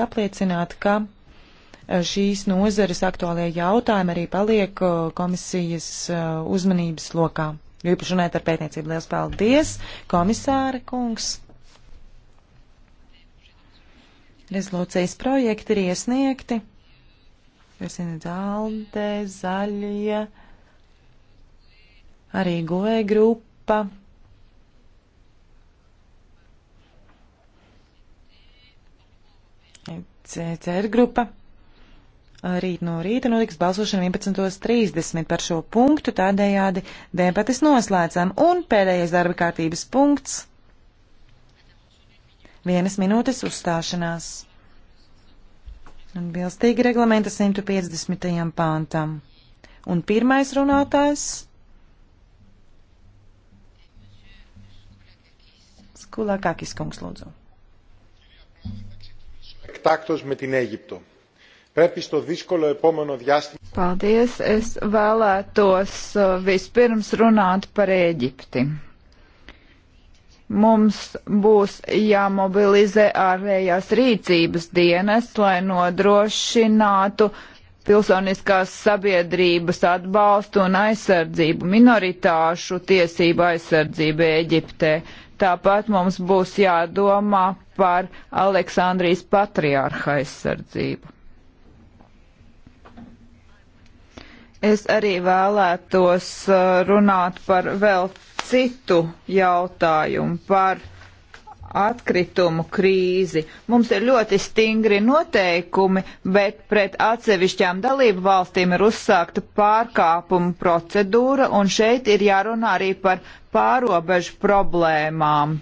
apliecināt, ka e, šīs nozares aktuālajie jautājumi arī paliek e, komisijas e, uzmanības lokā. Jo īpaši runājot par pētniecību, liels paldies, komisāra kungs! Rezolūcijas projekti ir iesniegti. Es zinu, Zalde, Zaļie, arī Goe grupa. CCR grupa. Rīt no rīta notiks balsošana 11.30 par šo punktu, tādējādi debatis noslēdzam. Un pēdējais darba kārtības punkts - vienas minūtes uzstāšanās. Un bilstīgi reglamenta 150. pāntam. Un pirmais runātājs Skulakakis kungs lūdzu εκτάκτως με την Αίγυπτο. Πρέπει στο δύσκολο επόμενο διάστημα. Paldies, es vēlētos uh, vispirms runāt par Ēģipti. Mums būs jāmobilizē ārējās rīcības dienas, lai nodrošinātu pilsoniskās sabiedrības atbalstu un aizsardzību, minoritāšu tiesību aizsardzību Eģiptē. Tāpat mums būs jādomā par Aleksandrijas patriārha aizsardzību. Es arī vēlētos uh, runāt par vēl citu jautājumu, par atkritumu krīzi. Mums ir ļoti stingri noteikumi, bet pret atsevišķām dalību valstīm ir uzsākta pārkāpuma procedūra, un šeit ir jārunā arī par pārobežu problēmām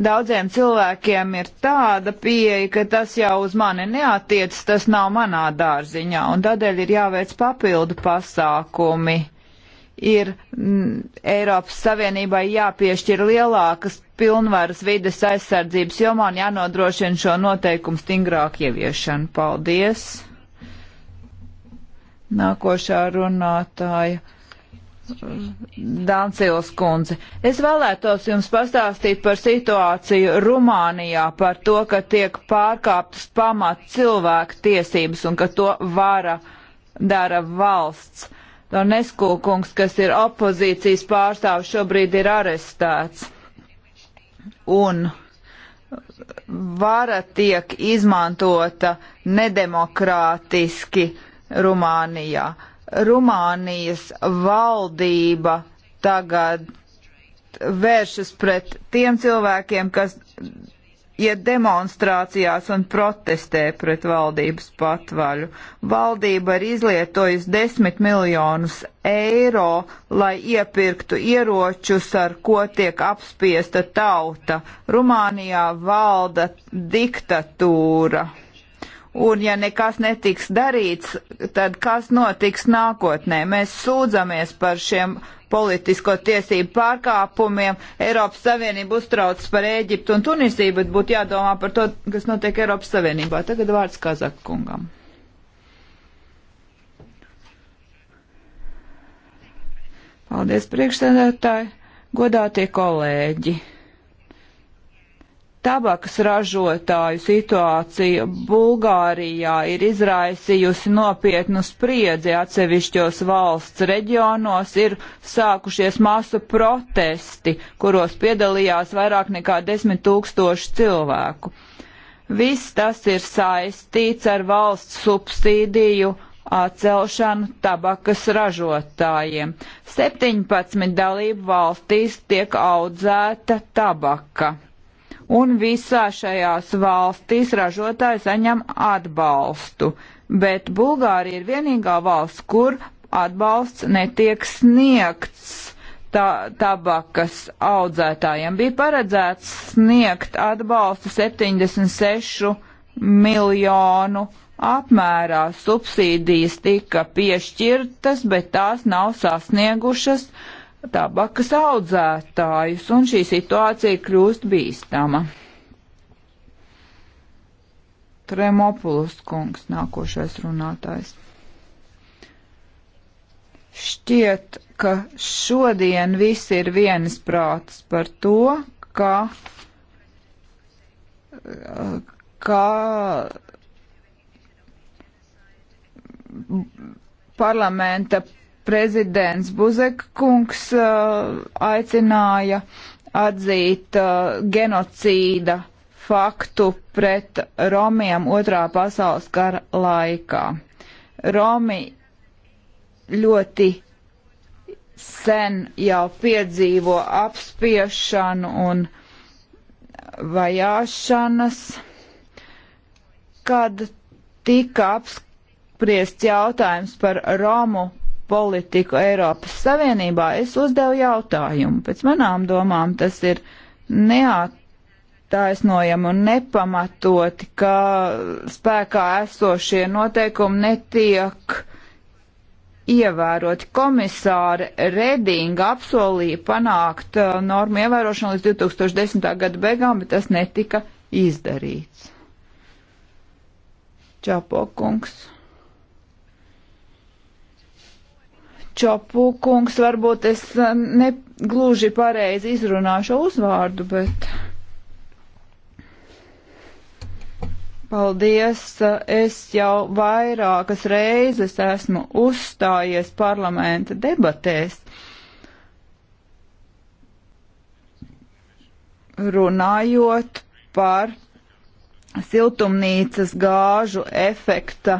Daudziem cilvēkiem ir tāda pieeja, ka tas jau uz mani neatiec, tas nav manā dārziņā, un tādēļ ir jāveic papildu pasākumi. Ir m, mm, Eiropas Savienībai jāpiešķir lielākas pilnvaras vides aizsardzības jomā un jānodrošina šo noteikumu stingrāk ieviešanu. Paldies! Nākošā runātāja. Dancils kundze. Es vēlētos jums pastāstīt par situāciju Rumānijā, par to, ka tiek pārkāptas pamat cilvēku tiesības un ka to vara dara valsts. Donesku kungs, kas ir opozīcijas pārstāvs, šobrīd ir arestēts. Un vara tiek izmantota nedemokrātiski Rumānijā. Uh, Rumānijas valdība tagad vēršas pret tiem cilvēkiem, kas iet demonstrācijās un protestē pret valdības patvaļu. Valdība ir izlietojusi desmit miljonus eiro, lai iepirktu ieročus, ar ko tiek apspiesta tauta. Rumānijā valda diktatūra. Un ja nekas netiks darīts, tad kas notiks nākotnē? Mēs sūdzamies par šiem politisko tiesību pārkāpumiem. Eiropas Savienība uztrauc par Ēģiptu un Tunisiju, bet būtu jādomā par to, kas notiek Eiropas Savienībā. Tagad vārds Kazakungam. Paldies, priekšsēdētāji, godātie kolēģi! Tabakas ražotāju situācija Bulgārijā ir izraisījusi nopietnu spriedzi atsevišķos valsts reģionos, ir sākušies masu protesti, kuros piedalījās vairāk nekā desmit tūkstoši cilvēku. Viss tas ir saistīts ar valsts subsīdiju atcelšanu tabakas ražotājiem. 17 dalību valstīs tiek audzēta tabaka un visā šajās valstīs ražotāji saņem atbalstu. Bet Bulgārija ir vienīgā valsts, kur atbalsts netiek sniegts. Tā, tabakas audzētājiem bija paredzēts sniegt atbalstu 76 miljonu apmērā subsīdijas tika piešķirtas, bet tās nav sasniegušas uh, tabakas audzētājus, un šī situācija kļūst bīstama. Tremopulus kungs, nākošais runātājs. Šķiet, ka šodien visi ir vienas prātas par to, ka, ka parlamenta prezidents Buzek kungs uh, aicināja atzīt uh, genocīda faktu pret Romiem otrā pasaules kara laikā. Romi ļoti sen jau piedzīvo apspiešanu un vajāšanas, kad tika apspriests jautājums par Romu politiku Eiropas Savienībā, es uzdevu jautājumu. Pēc manām domām tas ir neattaisnojami un nepamatoti, ka spēkā esošie noteikumi netiek ievēroti. Komisāra Redinga apsolīja panākt uh, normu ievērošanu līdz 2010. gada beigām, bet tas netika izdarīts. Čapo kungs. Čapu kungs, varbūt es um, negluži pareizi izrunāšu uzvārdu, bet. Paldies! Es jau vairākas reizes esmu uzstājies parlamenta debatēs. Runājot par siltumnīcas gāžu efekta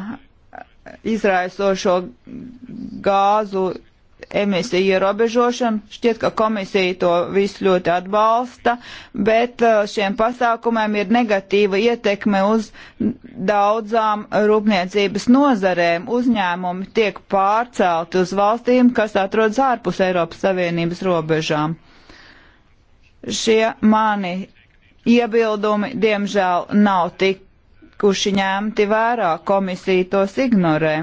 izraisošo gāzu emisiju ierobežošanu. Šķiet, ka komisija to visu ļoti atbalsta, bet uh, šiem pasākumiem ir negatīva ietekme uz daudzām rūpniecības nozarēm. Uzņēmumi tiek pārcelti uz valstīm, kas atrodas ārpus Eiropas Savienības robežām. Šie mani iebildumi, diemžēl, nav tik tikuši ņemti vērā, komisija tos ignorē.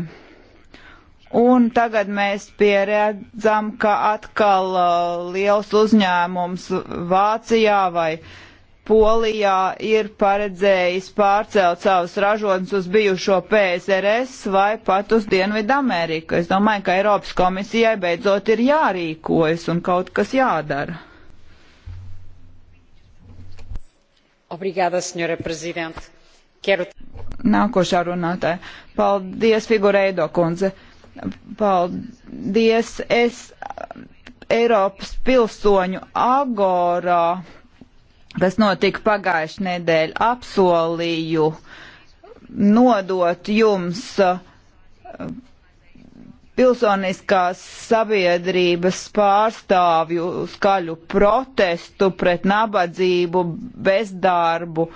Un tagad mēs pieredzam, ka atkal uh, liels uzņēmums Vācijā vai Polijā ir paredzējis pārcelt savus ražotnes uz bijušo PSRS vai pat uz Dienvidu Ameriku. Es domāju, ka Eiropas komisijai beidzot ir jārīkojas un kaut kas jādara. Obrigada, senhora Presidente. Nākošā runātāja. Paldies, Figureido kundze. Paldies. Es Eiropas pilsoņu agorā, kas notika pagājuši nedēļu, apsolīju nodot jums pilsoniskās sabiedrības pārstāvju skaļu protestu pret nabadzību, bezdarbu, uh,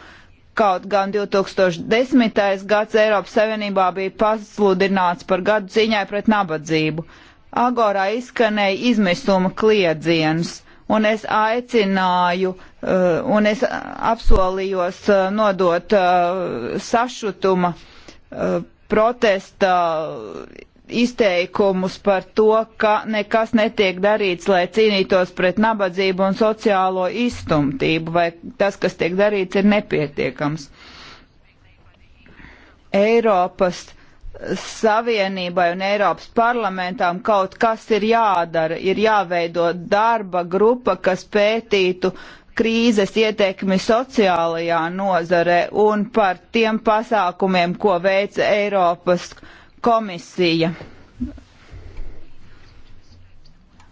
Kaut gan 2010. gads Eiropas Savienībā bija pasludināts par gadu cīņai pret nabadzību. Agorā izskanēja izmisuma kliedziens, un es aicināju, uh, un es apsolījos uh, nodot uh, sašutuma protesta izteikumus par to, ka nekas netiek darīts, lai cīnītos pret nabadzību un sociālo izstumtību, vai tas, kas tiek darīts, ir nepietiekams. Eiropas Savienībai un Eiropas parlamentām kaut kas ir jādara, ir jāveido darba grupa, kas pētītu krīzes ietekmi sociālajā nozarē un par tiem pasākumiem, ko veica Eiropas parlaments komisija.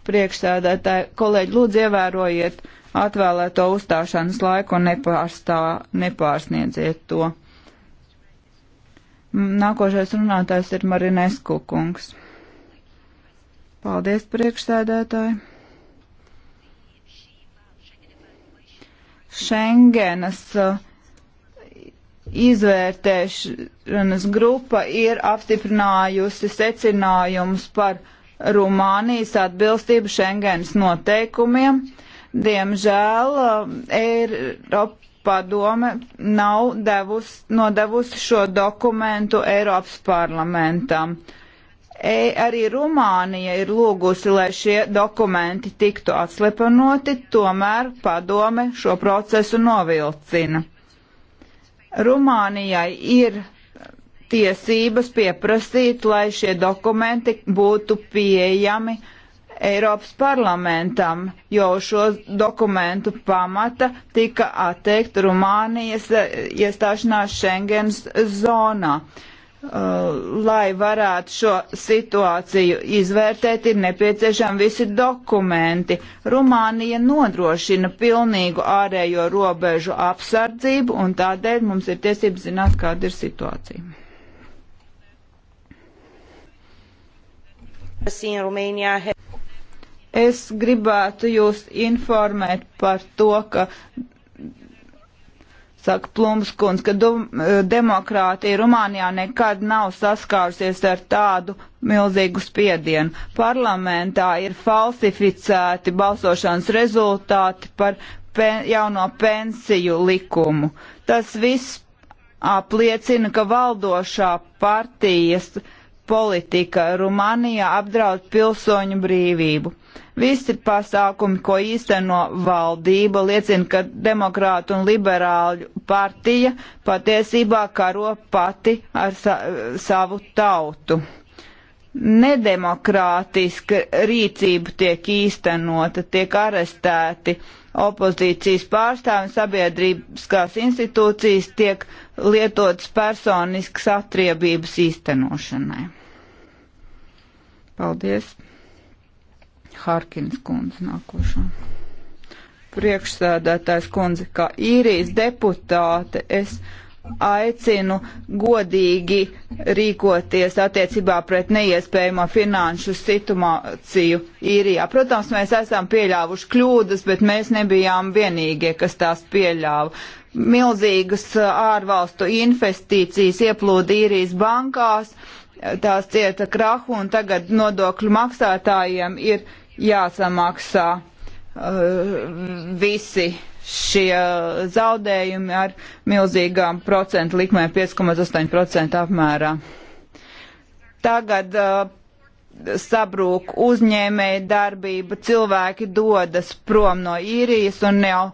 Priekšsēdētāji, kolēģi, lūdzu ievērojiet atvēlēto uzstāšanas laiku un nepārstā, nepārsniedziet to. Nākošais runātājs ir Marinesku kungs. Paldies, priekšsēdētāji. Šengenas uh, izvērtēšanas grupa ir apstiprinājusi secinājumus par Rumānijas atbilstību Schengens noteikumiem. Diemžēl eh, Eiropadome nav devus, nodevusi šo dokumentu Eiropas parlamentam. E, arī Rumānija ir lūgusi, lai šie dokumenti tiktu atslepenoti, tomēr padome šo procesu novilcina. Rumānijai ir tiesības pieprasīt, lai šie dokumenti būtu pieejami Eiropas parlamentam, jo šo dokumentu pamata tika atteikta Rumānijas iestāšanās Schengens zonā. Uh, Uh, lai varētu šo situāciju izvērtēt, ir nepieciešami visi dokumenti. Rumānija nodrošina pilnīgu ārējo robežu apsardzību, un tādēļ mums ir tiesības zināt, kāda ir situācija. Es gribētu jūs informēt par to, ka saka Plumskunds, ka e, demokrātija Rumānijā nekad nav saskārusies ar tādu milzīgu spiedienu. Parlamentā ir falsificēti balsošanas rezultāti par pen, jauno pensiju likumu. Tas viss apliecina, ka valdošā partijas politika Rumānijā apdraud pilsoņu brīvību. Visi pasākumi, ko īsteno valdība, liecina, ka demokrāta un liberāļu partija patiesībā karo pati ar sa savu tautu. Nedemokrātiska rīcība tiek īstenota, tiek arestēti opozīcijas pārstāvi un sabiedrības institūcijas tiek lietotas personiskas atriebības īstenošanai. Paldies! Harkins kundze nākošā. Priekšsēdētājs kundze, kā īrijas deputāte, es aicinu godīgi rīkoties attiecībā pret neiespējamo finanšu situāciju īrijā. Protams, mēs esam pieļāvuši kļūdas, bet mēs nebijām vienīgie, kas tās pieļāva. Milzīgas ārvalstu investīcijas ieplūda īrijas bankās, tās cieta krahu un tagad nodokļu maksātājiem ir jāsamaksā uh, visi šie zaudējumi ar milzīgām procentu likmēm 5,8% apmērā. Tagad uh, sabrūk uzņēmēja darbība, cilvēki dodas prom no īrijas un jau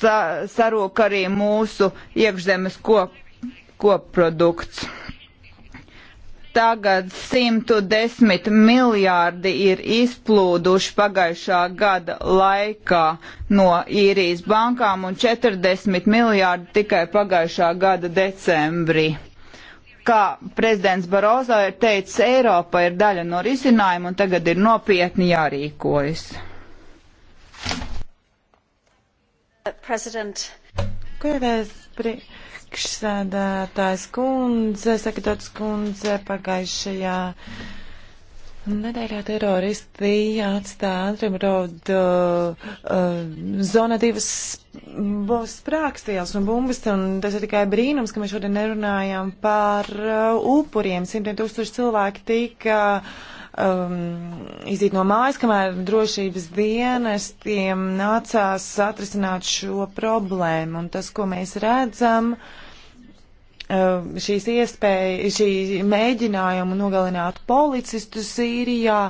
sa sarūk arī mūsu iekšzemes kop, kopprodukts. Tagad 110 miljārdi ir izplūduši pagājušā gada laikā no īrijas bankām un 40 miljārdi tikai pagājušā gada decembrī kā prezidents Barozo ir teicis, Eiropa ir daļa no risinājuma un tagad ir nopietni jārīkojas. President. Kādēļ? priekšsēdētājs kundze, sekretārs kundze pagājušajā nedēļā teroristi atstāja Antrimrodu uh, zonā divas būs sprākstīles un bumbas, un tas ir tikai brīnums, ka mēs šodien nerunājam par uh, upuriem. Simtiem tūkstoši cilvēki tika. Uh, um, iziet no mājas, kamēr drošības dienestiem nācās atrisināt šo problēmu. Un tas, ko mēs redzam, um, šīs iespēja, šī mēģinājuma nogalināt policistu Sīrijā,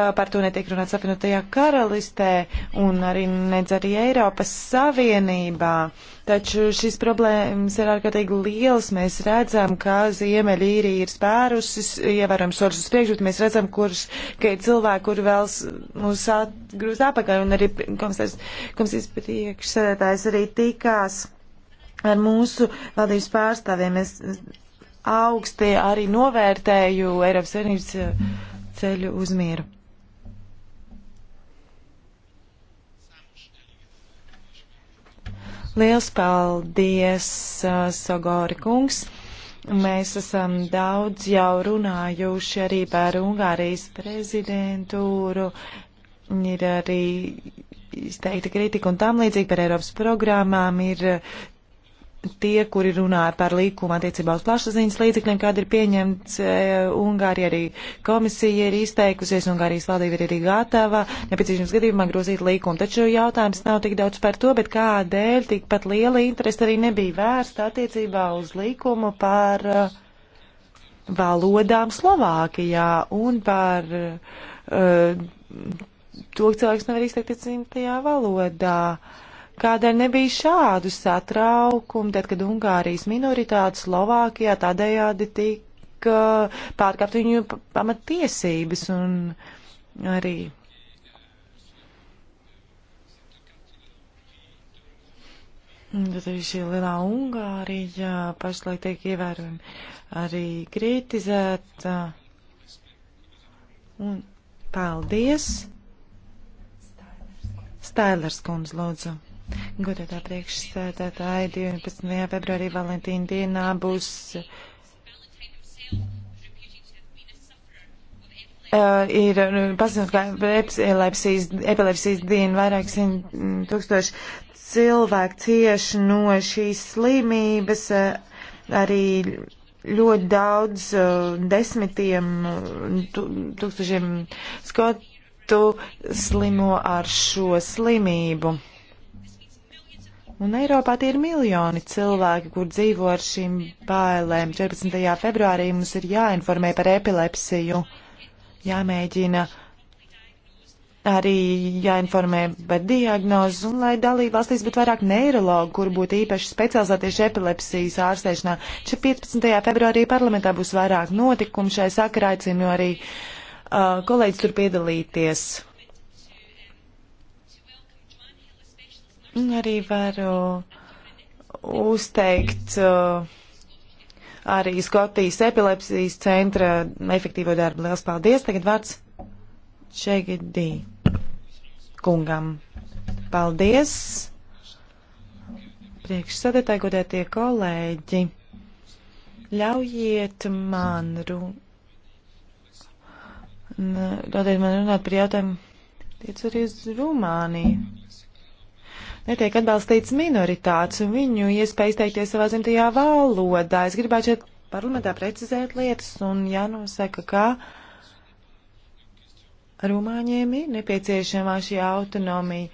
bet par to netiek runāts apvienotajā karalistē un arī nedz arī Eiropas Savienībā. Taču šīs problēmas ir ārkārtīgi lielas. Mēs redzam, ka Ziemeļīrija ir spērusis, ievēram soļus uz priekšu, bet mēs redzam, kurš, ka ir cilvēki, kuri vēlas mūs atgrūst apakaļ, un arī komisijas priekšsēdētājs arī tikās ar mūsu valdības pārstāvjiem. Es augsti arī novērtēju Eiropas Savienības eh, ceļu uz mieru. Liels paldies, uh, Sogori kungs! Mēs esam daudz jau runājuši arī par Ungārijas prezidentūru. Ir arī izteikta kritika un tam līdzīgi par Eiropas programmām. Ir tie, kuri runāja par līkumu attiecībā uz plašsaziņas līdzekļiem, kāda ir pieņemts e, Ungārija, arī komisija ir izteikusies, Ungārijas valdība ir arī gatava nepieciešams gadījumā grozīt līkumu. Taču jautājums nav tik daudz par to, bet kādēļ tikpat liela interese arī nebija vērsta attiecībā uz līkumu par uh, valodām Slovākijā un par uh, to, ka cilvēks nevar izteikt dzimtajā valodā. Uh, Kādēļ nebija šādu satraukumu, tad, kad Ungārijas minoritāte Slovākijā tādējādi tika pārkāpt viņu pamatiesības un arī Tad arī šī lielā Ungārija pašlaik tiek ievērojami arī kritizēta. Un paldies! Stailers kundze, lūdzu. Godētā priekšsēdētāja 12. februārī Valentīna dienā būs uh, ir nu, paziņot, ka epilepsijas, epilepsijas diena vairāk simt tūkstoši cilvēku cieši no šīs slimības. Uh, arī ļoti daudz uh, desmitiem tu, tūkstošiem skotu slimo ar šo slimību. Un Eiropā tie ir miljoni cilvēki, kur dzīvo ar šīm bailēm. 14. februārī mums ir jāinformē par epilepsiju, jāmēģina arī jāinformē par diagnozu, un lai dalība valstīs būtu vairāk neirologu, kur būtu īpaši specializēties epilepsijas ārstēšanā. 15. februārī parlamentā būs vairāk notikumu šai sakarā, aicinu arī uh, kolēģis tur piedalīties. Arī varu uh, uzteikt uh, arī Skotijas epilepsijas centra efektīvo darbu. Liels paldies! Tagad vārds Čegidī kungam. Paldies! Priekšsēdētāji, godētie kolēģi, ļaujiet man, ru... Dodiet man runāt par jautājumu, tiec arī uz Rumāniju netiek atbalstīts minoritātes un viņu iespēja izteikties savā dzimtajā valodā. Es gribētu šeit parlamentā precizēt lietas un jānosaka, ka. Rumāņiem ir nepieciešama šī autonomija.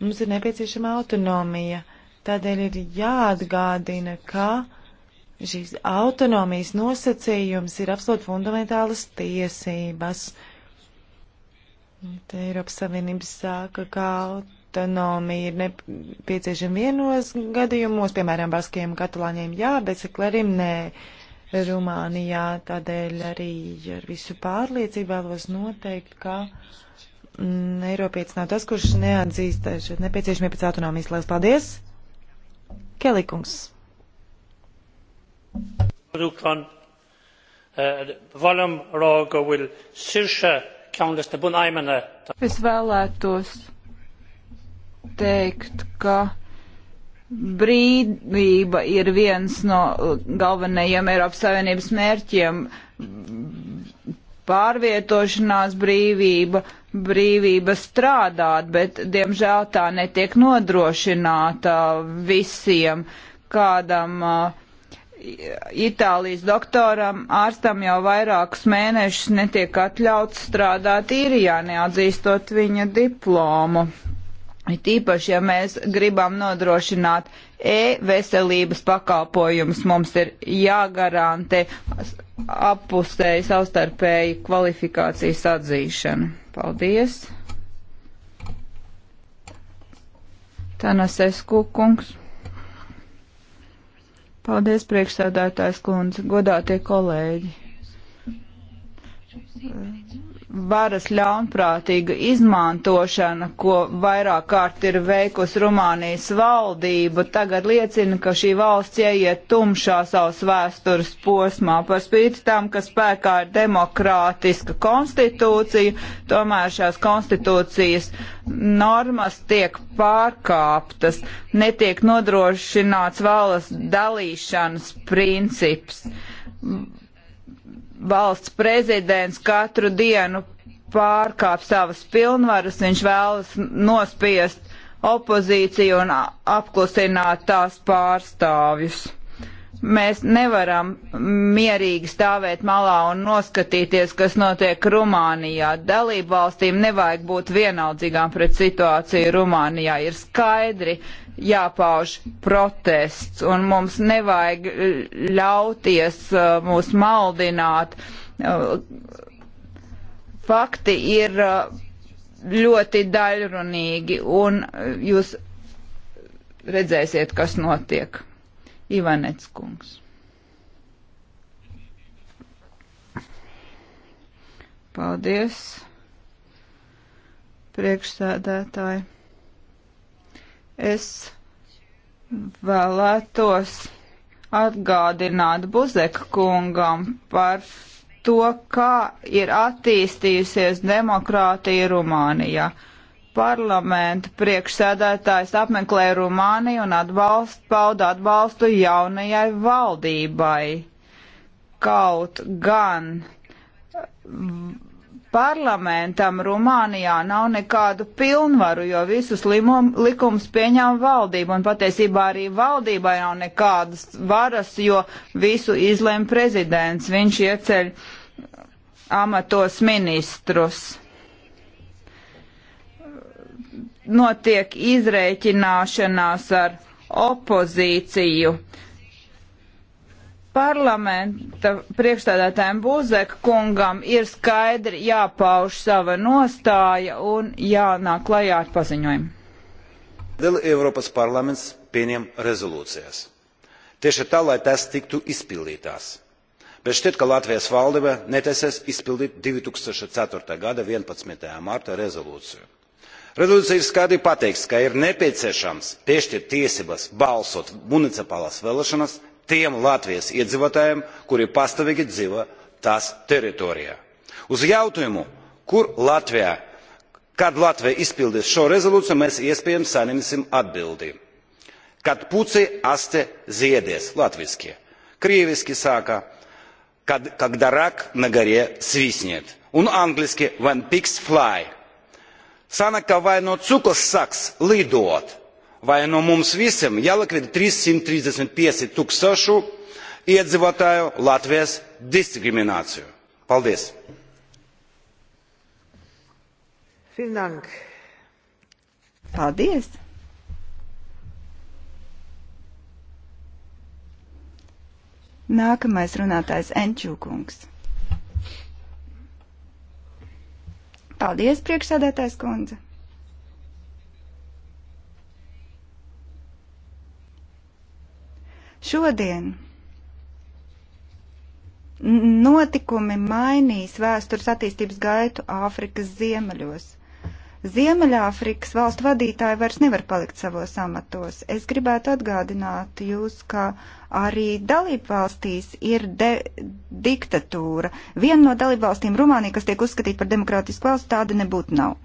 Mums ir nepieciešama autonomija. Tādēļ ir jāatgādina, ka šīs autonomijas nosacījums ir absolūti fundamentālas tiesības. Te Eiropas Savienības sāka, ka autonomija ir nepieciešama vienos gadījumos, piemēram, baskiem katalāņiem jā, bet seklerim nē. Rumānijā tādēļ arī ar visu pārliecību vēlos noteikt, ka mm, Eiropietis nav tas, kurš neatzīst šeit nepieciešamību pēc autonomijas. Lielas paldies! Kelikungs! Eh, eh, es vēlētos teikt, ka brīvība ir viens no galvenajiem Eiropas Savienības mērķiem. Pārvietošanās brīvība, brīvība strādāt, bet diemžēl tā netiek nodrošināta visiem kādam uh, Itālijas doktoram, ārstam jau vairākus mēnešus netiek atļauts strādāt īrijā, neatzīstot viņa diplomu. It īpaši, ja mēs gribam nodrošināt e-veselības pakalpojumus, mums ir jāgarantē appusēji savstarpēji kvalifikācijas atzīšana. Paldies! Tanasesku kungs. Paldies, priekšsēdētājs kundze, godātie kolēģi! varas ļaunprātīga izmantošana, ko vairāk kārt ir veikusi Rumānijas valdība, tagad liecina, ka šī valsts ieiet tumšā savas vēstures posmā. Par spīti tam, ka spēkā ir demokrātiska konstitūcija, tomēr šās konstitūcijas normas tiek pārkāptas, netiek nodrošināts valas dalīšanas princips valsts prezidents katru dienu pārkāp savas pilnvaras, viņš vēlas nospiest opozīciju un apklusināt tās pārstāvjus. Mēs nevaram mierīgi stāvēt malā un noskatīties, kas notiek Rumānijā. Dalību valstīm nevajag būt vienaldzīgām pret situāciju Rumānijā. Ir skaidri jāpauž protests un mums nevajag eh, ļauties eh, mūs maldināt. Eh, fakti ir ļoti daļrunīgi un jūs redzēsiet, kas notiek. Ivanets kungs. Paldies, priekšsēdētāji. Es vēlētos atgādināt Buzeka kungam par to, kā ir attīstījusies demokrātija Rumānijā parlamenta priekšsēdētājs apmeklē Rumāniju un atbalst, pauda atbalstu jaunajai valdībai. Kaut gan parlamentam Rumānijā nav nekādu pilnvaru, jo visus limum, likums pieņem valdība, un patiesībā arī valdībai nav nekādas varas, jo visu izlem prezidents, viņš ieceļ amatos ministrus notiek izrēķināšanās ar opozīciju. Parlamenta priekšstādātājiem Buzek kungam ir skaidri jāpauž sava nostāja un jānāk klajā ar paziņojumu. Dēļ Eiropas parlaments pieņem rezolūcijas. Tieši tā, lai tas tiktu izpildītās. Bet šķiet, ka Latvijas valdība netesies izpildīt 2004. gada 11. marta rezolūciju Rezolūcijā ir skaidri pateikts, ka ir nepieciešams piešķirt tiesības balsot municipālās vēlēšanas tiem Latvijas iedzīvotājiem, kuri pastāvīgi dzīvo tās teritorijā. Uz jautājumu, kur Latvijā, kad Latvija izpildīs šo rezolūciju, mēs iespējams saņemsim atbildību. Kad puci aste ziedies latviski, krieviski saka, kad, когда рак на горе свистнет. Un angliski, when pigs fly, Sanaka vai no cukas saks lidot, vai no mums visiem jālikvidē 335 tūkstošu iedzīvotāju Latvijas diskrimināciju. Paldies! Finank. Paldies! Nākamais runātājs Enčūkungs. Paldies, priekšsēdētājs kundze. Šodien notikumi mainīs vēstures attīstības gaitu Āfrikas ziemeļos. Ziemeļāfrikas valstu vadītāji vairs nevar palikt savos amatos. Es gribētu atgādināt jūs, ka arī dalībvalstīs ir de, diktatūra. Viena no dalībvalstīm, Rumānija, kas tiek uzskatīta par demokrātisku valstu, tāda nebūtu nav.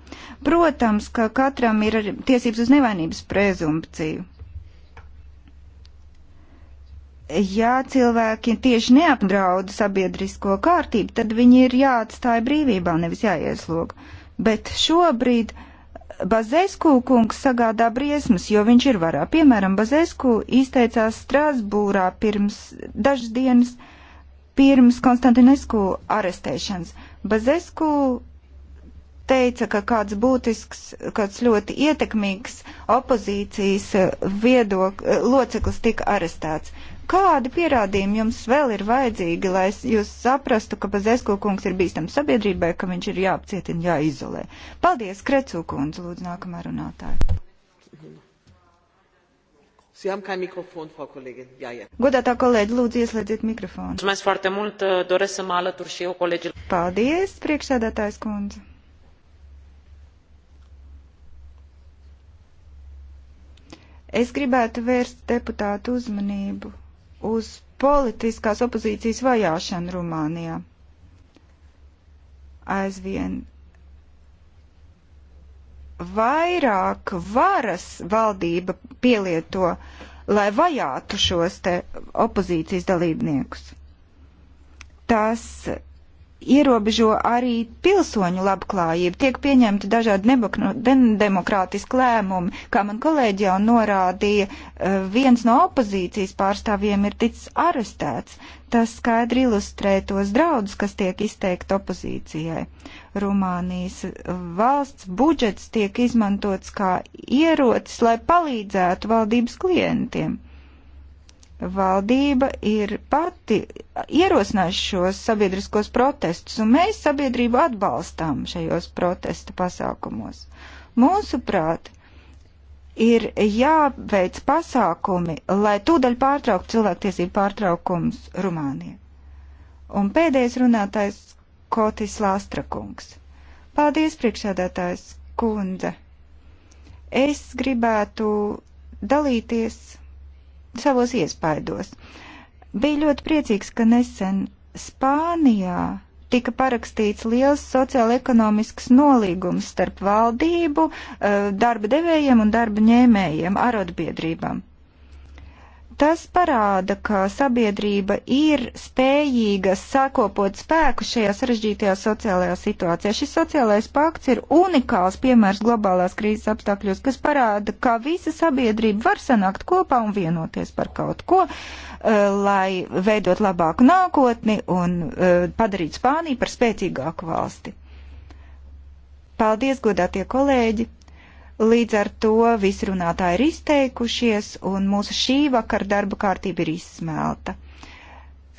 Protams, ka katram ir tiesības uz nevainības prezumpciju. Ja cilvēki tieši neapdraud sabiedrisko kārtību, tad viņi ir jāatstāja brīvībā, nevis jāiesloga bet šobrīd Bazēsku kungs sagādā briesmas, jo viņš ir varā. Piemēram, Bazēsku izteicās Strasbūrā pirms dažas dienas pirms Konstantinesku arestēšanas. Bazēsku teica, ka kāds būtisks, kāds ļoti ietekmīgs opozīcijas viedok, loceklis tika arestēts. Kādi pierādījumi jums vēl ir vajadzīgi, lai jūs saprastu, ka Bazesko kungs ir bīstams sabiedrībai, ka viņš ir jāapcietina, jāizolē? Paldies, Krecu kundze, lūdzu nākamā runātāja. Godātā kolēģi, lūdzu ieslēdziet mikrofonu. Paldies, priekšsēdētājs kundze. Es gribētu vērst deputātu uzmanību uz politiskās opozīcijas vajāšanu Rumānijā. Aizvien vairāk varas valdība pielieto, lai vajātu šos te opozīcijas dalībniekus. Tas ierobežo arī pilsoņu labklājību. Tiek pieņemti dažādi demokrātiski lēmumi, kā man kolēģi jau norādīja, eh, viens no opozīcijas pārstāvjiem ir ticis arestēts. Tas skaidri ilustrē tos draudus, kas tiek izteikt opozīcijai. Rumānijas eh, valsts budžets tiek izmantots kā ierocis, lai palīdzētu valdības klientiem valdība ir pati ierosinājusi šos sabiedriskos protestus, un mēs sabiedrību atbalstām šajos protesta pasākumos. Mūsuprāt, ir jāveic pasākumi, lai tūdaļ pārtrauktu cilvēktiesību pārtraukums Rumānijā. Un pēdējais runātājs Kotis Lāstrakungs. Paldies, priekšādātājs kundze. Es gribētu dalīties savos iespaidos. Bija ļoti priecīgs, ka nesen Spānijā tika parakstīts liels sociāla-ekonomisks nolīgums starp valdību, eh, darba devējiem un darba ņēmējiem, arotbiedrībām. Tas parāda, ka sabiedrība ir spējīga sakopot spēku šajā sarežģītajā sociālajā situācijā. Šis sociālais pakts ir unikāls piemērs globālās krīzes apstākļos, kas parāda, ka visa sabiedrība var sanākt kopā un vienoties par kaut ko, eh, lai veidot labāku nākotni un eh, padarīt Spāniju par spēcīgāku valsti. Paldies, godātie kolēģi! Līdz ar to visi runātāji ir izteikušies, un mūsu šī vakara darba kārtība ir izsmelta.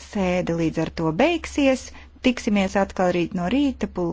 Sēde līdz ar to beigsies, tiksimies atkal rīt no rīta.